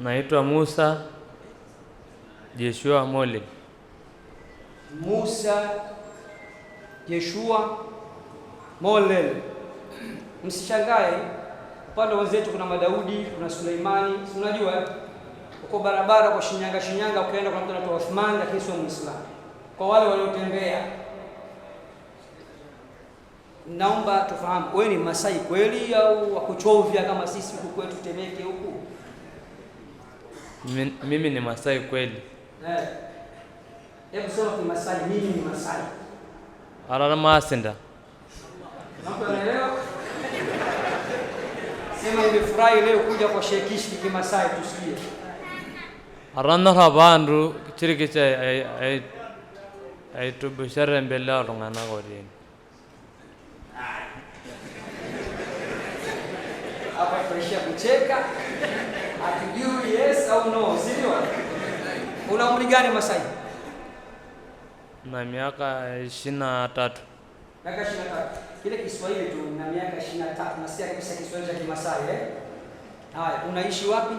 Naitwa Musa Jeshua Mole. Musa Jeshua Mole. Msishangae, upande wenzetu kuna Madaudi, kuna Suleimani, unajua uko barabara kwa Shinyanga, Shinyanga ukaenda kuna mtu anaitwa Uthman, lakini sio Muislamu. Kwa wale waliotembea, naomba tufahamu, wewe ni Masai kweli au wakuchovya kama sisi huku kwetu Temeke huku? Mimi ni Masai kweli. Eh, hebu sema kwa Masai, mimi ni Masai. masinda. Sema nimefurahi leo kuja kwa Sheikh Kimasai tusikie. Arana rabandu mbele oltung'anak Hapa kucheka. Akijui yes au no, si ndio? Una umri gani Masai? Na miaka 23. na Miaka 23. Kile Kiswahili tu na miaka 23. na tatu kabisa Kiswahili cha Kimasai eh? Haya, unaishi wapi?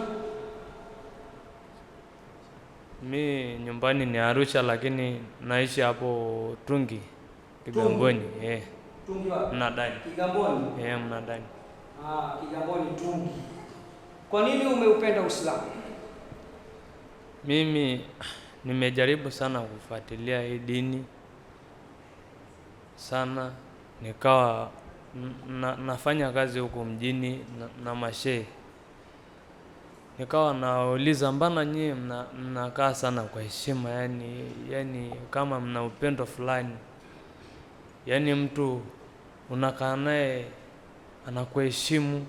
Mi nyumbani ni Arusha lakini naishi hapo Tungi Kigamboni. Eh. Tungi wapi? Mnadani. Kigamboni. Eh, Mnadani. Ah, Kigamboni Tungi. Kwa nini umeupenda Uislamu? Mimi nimejaribu sana kufuatilia hii dini sana, nikawa na, nafanya kazi huko mjini na, na mashehe nikawa nawauliza, mbana nyie mnakaa mna sana kwa heshima, yani yani kama mna upendo fulani, yani mtu unakaa naye anakuheshimu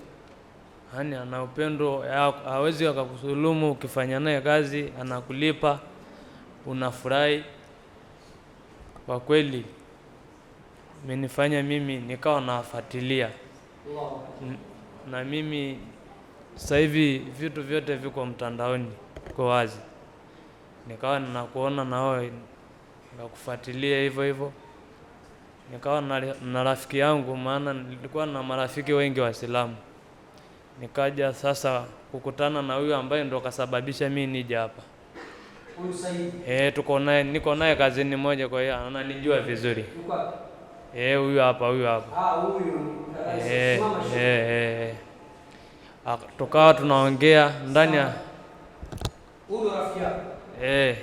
yani ana upendo, hawezi akakudhulumu. Ukifanya naye kazi anakulipa, unafurahi. Kwa kweli imenifanya mimi nikawa nawafuatilia na mimi sasa hivi vitu vyote viko mtandaoni, kwa wazi, nikawa ninakuona na wewe nikakufuatilia hivyo hivyo, nikawa na rafiki yangu, maana nilikuwa na marafiki wengi Waislamu nikaja sasa kukutana na huyu ambaye ndo kasababisha mi nije hapa. Eh, tuko naye, niko naye kazini moja, kwa hiyo ananijua vizuri. Eh, huyu hapa, huyu hapa. Ah, eh, eh, eh, eh, ah, tukawa tunaongea ndani ya eh,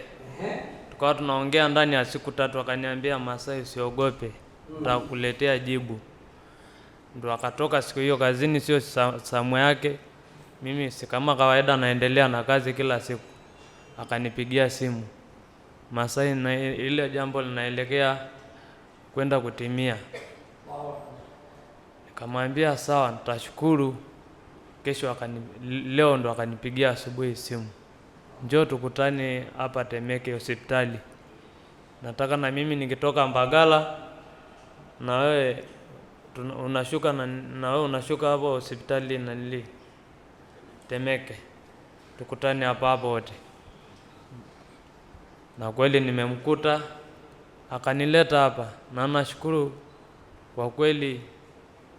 tukawa tunaongea ndani ya siku tatu, akaniambia Masai, usiogope, nitakuletea jibu ndo akatoka siku hiyo kazini, sio samu yake. Mimi si kama kawaida, naendelea na kazi kila siku. Akanipigia simu Masai, na ile jambo linaelekea kwenda kutimia. Nikamwambia sawa, nitashukuru kesho. Akani, leo ndo akanipigia asubuhi simu, njoo tukutane hapa Temeke hospitali, nataka na mimi nikitoka Mbagala na wewe unashuka na, na wewe unashuka hapo hospitali na nili Temeke, tukutane hapa hapo wote. Na kweli nimemkuta akanileta hapa, na nashukuru kwa kweli.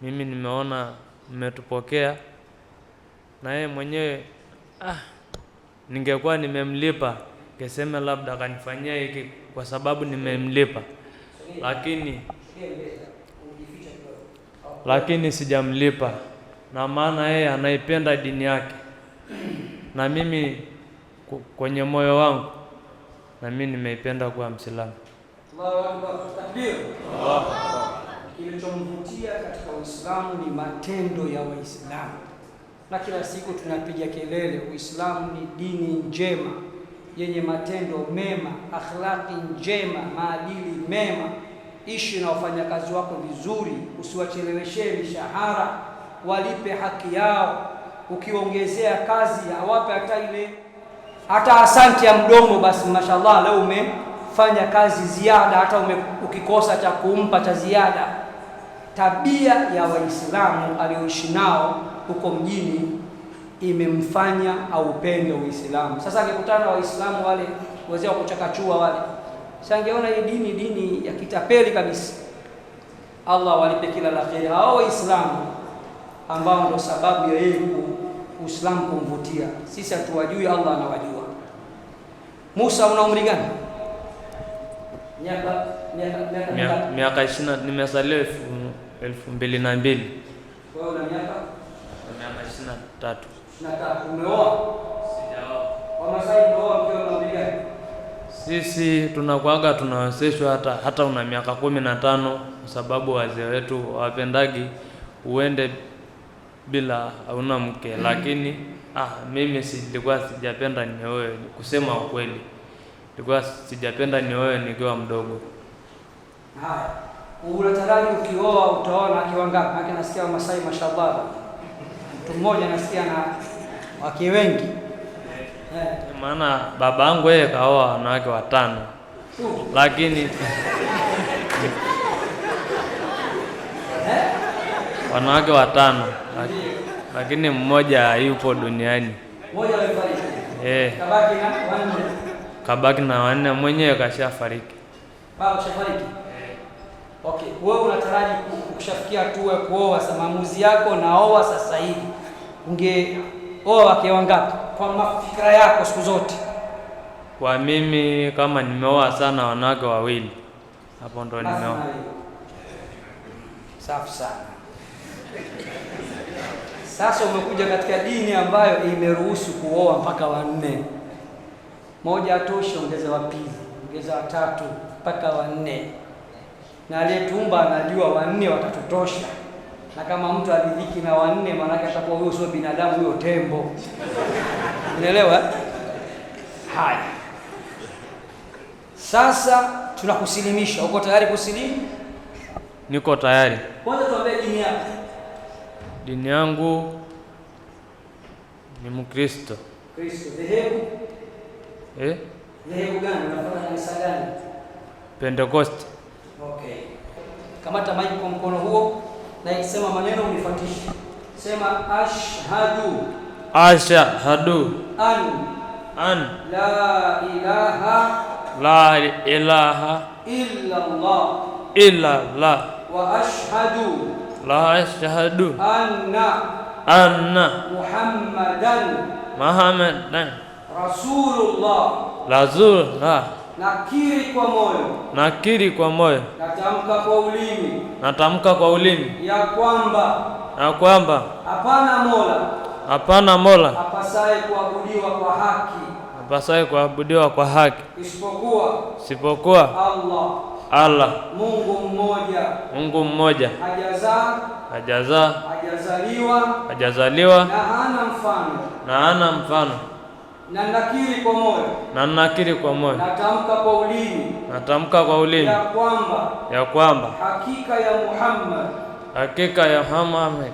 Mimi nimeona mmetupokea na yeye mwenyewe ah, ningekuwa nimemlipa kesema labda akanifanyia hiki kwa sababu nimemlipa, lakini lakini sijamlipa, na maana yeye anaipenda dini yake, na mimi kwenye moyo wangu na mimi nimeipenda kuwa Mwislamu. Kilichomvutia katika Uislamu ni matendo ya Waislamu, na kila siku tunapiga kelele, Uislamu ni dini njema yenye matendo mema, akhlaqi njema, maadili mema ishi na wafanyakazi wako vizuri, usiwacheleweshee mishahara, walipe haki yao. Ukiongezea kazi hawape hata ile hata asante ya mdomo. Basi mashallah, leo umefanya kazi ziada, hata ume, ukikosa cha kumpa cha ziada. Tabia ya Waislamu aliyoishi nao huko mjini imemfanya aupende Uislamu. Sasa akikutana Waislamu wale wazee wa kuchakachua wale shangeona hii dini dini ya kitapeli kabisa. Allah walipe kila la kheri hao Waislamu ambao ndo sababu ya yeye Uislamu kumvutia. Sisi hatuwajui, Allah anawajua. Musa, una umri gani? Miaka miaka Nimezaliwa elfu mbili na mbili. Wewe una miaka? Miaka ishirini na tatu. Umeoa? Sijaoa. Wamasai ndio sisi tunakuaga tunawezeshwa hata hata una miaka kumi na tano kwa sababu wazee wetu wapendagi uende bila hauna mke, mm. lakini ah, mimi silikuwa sijapenda nioe. Kusema ukweli, nilikuwa sijapenda nioe nikiwa mdogo. Haya, unatarajia ukioa utaona akiwa ngapi? Maana nasikia Wamasai, mashallah, mtu mmoja nasikia na wake wengi maana baba yangu yeye kaoa wanawake watano, lakini wanawake watano lakini mmoja yupo duniani eh, kabaki na wanne, mwenyewe kashafariki. Okay, wewe unataraji kushafikia hatua ya kuoa, maamuzi yako naoa sasa hivi, ungeoa wake wangapi? kwa mafikira yako siku zote? Kwa mimi kama nimeoa sana wanawake wawili, hapo ndo nimeoa. Safi sana. Sasa umekuja katika dini ambayo imeruhusu kuoa mpaka wanne. Moja atosha, ongeza wa pili, ongeza wa tatu, mpaka wanne. Na aliyetumba anajua wanne watatutosha, na kama mtu alidhiki na wanne, maanake atakuwa huyo sio binadamu, huyo tembo. Unaelewa? Haya, sasa tunakusilimisha. Uko tayari kusilimu? Niko tayari. Kwanza tuambie dini yako. Dini yangu ni Mkristo. Kristo. Dhehebu? Eh? Dhehebu gani? Unafuata kanisa gani? Pentecost. Okay. Kamata maji kwa mkono huo na maneno unifuatishe. Sema ashhadu ashhadu an an la ilaha la ilaha illa Allah illa Allah wa ashhadu la ashhadu anna anna Muhammadan Muhammadan Rasulullah Rasulullah nakiri kwa moyo nakiri kwa moyo natamka kwa ulimi natamka kwa ulimi ya kwamba ya kwamba hapana mola hapana Mola apasaye kuabudiwa kwa haki, apasaye kuabudiwa kwa haki, isipokuwa sipokuwa Allah Allah Mungu mmoja, Mungu mmoja, hajazaa hajazaa hajazaliwa hajazaliwa, na hana mfano na hana mfano na nakiri kwa moyo na nakiri kwa moyo, natamka kwa ulimi natamka kwa ulimi, ya kwamba ya kwamba hakika ya Muhammad hakika ya Muhammad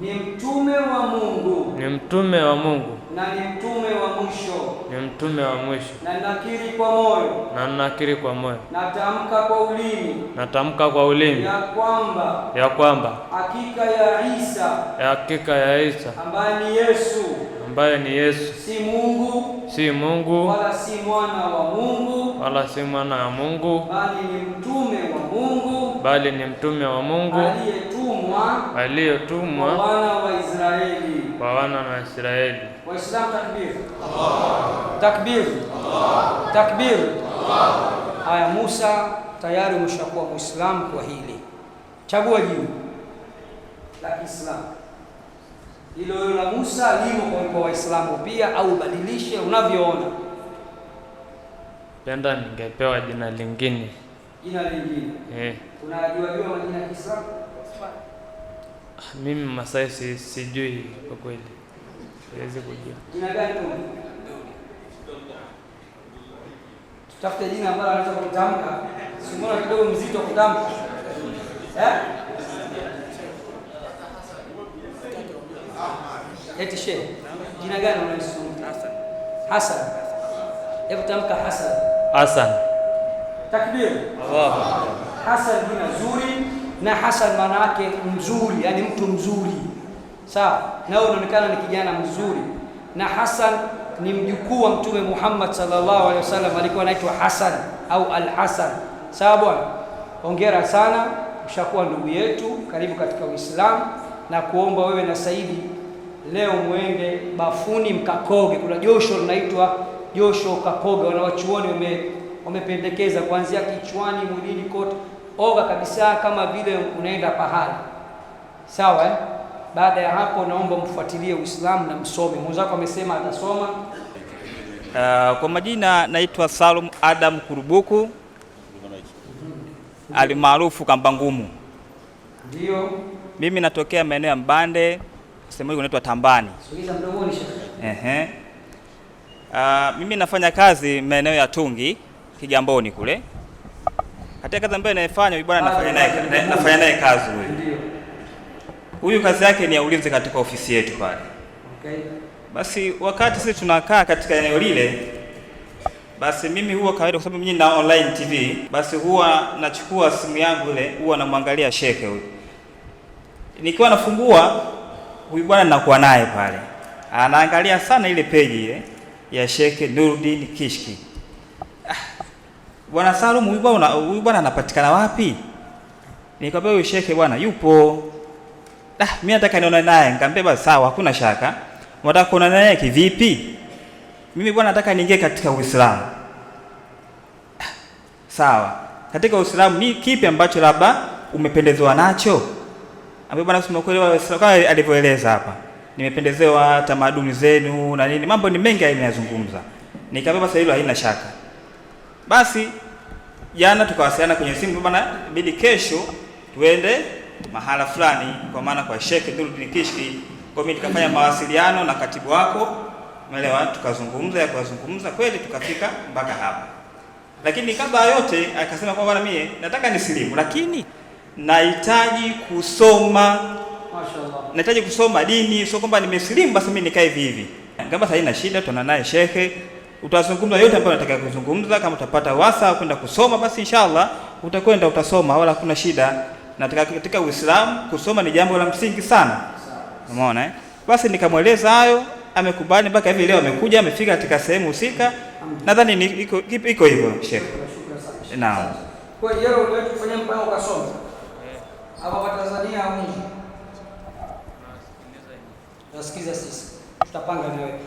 ni mtume wa Mungu ni mtume wa Mungu na ni mtume wa mwisho, ni mtume wa mwisho, na nakiri kwa moyo, na nakiri kwa moyo, natamka kwa ulimi, natamka kwa ulimi ya kwamba, ya kwamba hakika ya Isa, ya hakika ya Isa ambaye ni Yesu ambaye ni Yesu si Mungu, si Mungu wala si mwana wa Mungu, wala si mwana wa Mungu, bali ni mtume wa Mungu, bali ni mtume wa Mungu aliye waliotumwa kwa wana wa Israeli. takbir! Haya, Musa tayari umeshakuwa Muislamu kwa hili, chagua jibu la Kiislamu. Hilo la Musa limo kwa Waislamu pia, au ubadilishe unavyoona. Penda ningepewa jina lingine, jina lingine. Eh, unajua jua majina ya Kiislamu mimi Masai si, sijui kwa kweli, siwezi kujua. Jina gani? Tutafute jina ambalo anaweza kutamka. Simona kidogo mzito kutamka, eh? Eti she, jina gani unalisoma? Hasan. Hasan. Hebu tamka Hasan. Hasan. Takbir. Allahu Akbar. Hasan jina zuri na hasan maana yake mzuri, yani mtu mzuri. Sawa, na wewe unaonekana ni kijana mzuri, na hasan ni mjukuu wa Mtume Muhammad sallallahu alaihi wasallam, alikuwa anaitwa Hasan au Al-Hasan. Sawa bwana, hongera sana, ushakuwa ndugu yetu, karibu katika Uislamu, na kuomba wewe na Saidi leo mwende bafuni mkakoge. Kuna josho linaitwa josho kakoge, wanawachuoni wamependekeza kuanzia kichwani, mwilini kote oga kabisa kama vile unaenda pahali sawa eh? Baada ya hapo, naomba mfuatilie Uislamu na msome. Mwenzako amesema atasoma. Uh, kwa majina naitwa Salum Adam Kurubuku alimaarufu Kamba Ngumu. Ndio. Mimi natokea maeneo ya Mbande, sehemu hiyo inaitwa Tambani. Ehe. Uh, mimi nafanya kazi maeneo ya Tungi Kigamboni kule katika kazi ambayo inayefanya huyu bwana anafanya naye anafanya naye kazi huyu. Ndio. Huyu kazi yake ni ya ulinzi katika ofisi yetu pale. Okay. Basi wakati sisi tunakaa katika eneo lile, basi mimi huwa kawaida, kwa sababu mimi na online TV, basi huwa nachukua simu yangu ile, huwa namwangalia sheke huyu. Nikiwa nafungua huyu bwana ninakuwa naye pale, anaangalia sana ile peji ile ya Sheke Nurdin Kishki bwana Salum, huyu bwana huyu bwana anapatikana wapi? Nikamwambia huyu shekhe bwana yupo. Ah, mimi nataka nione naye. Nikamwambia basi sawa, hakuna shaka. Unataka kuona naye kivipi? Mimi bwana nataka niingie katika Uislamu. Ah, sawa. Katika Uislamu ni kipi ambacho labda umependezewa nacho? Ambaye bwana sema kweli kama alivyoeleza hapa. Nimependezewa tamaduni zenu na nini. Mambo ni mengi yanayozungumza. Nikamwambia basi hilo haina shaka. Basi jana tukawasiliana kwenye simu bwana, bidi kesho tuende mahala fulani, kwa maana kwa Sheikh Nuruddin Kishki. Kwa mimi nikafanya mawasiliano na katibu wako, umeelewa, tukazungumza ya kuzungumza kweli, tukafika mpaka hapa. Lakini kabla yote akasema kwa bwana, mie nataka nisilimu, lakini nahitaji kusoma, mashaallah, nahitaji kusoma dini, sio kwamba nimesilimu basi mimi nikae hivi hivi. Ngamba sasa ina shida, tuna naye shekhe utazungumza yote ambayo unataka kuzungumza. Kama utapata wasa kwenda kusoma, basi inshallah utakwenda utasoma, wala hakuna shida. Na katika Uislamu kusoma ni jambo la msingi sana, umeona eh? Basi nikamweleza hayo, amekubali mpaka hivi leo amekuja, amefika katika sehemu husika. Nadhani iko hivyo Sheikh. Naam. Kwa hiyo leo tufanye mpango ukasoma hapa kwa Tanzania au nje, nasikiza sisi tutapanga nawe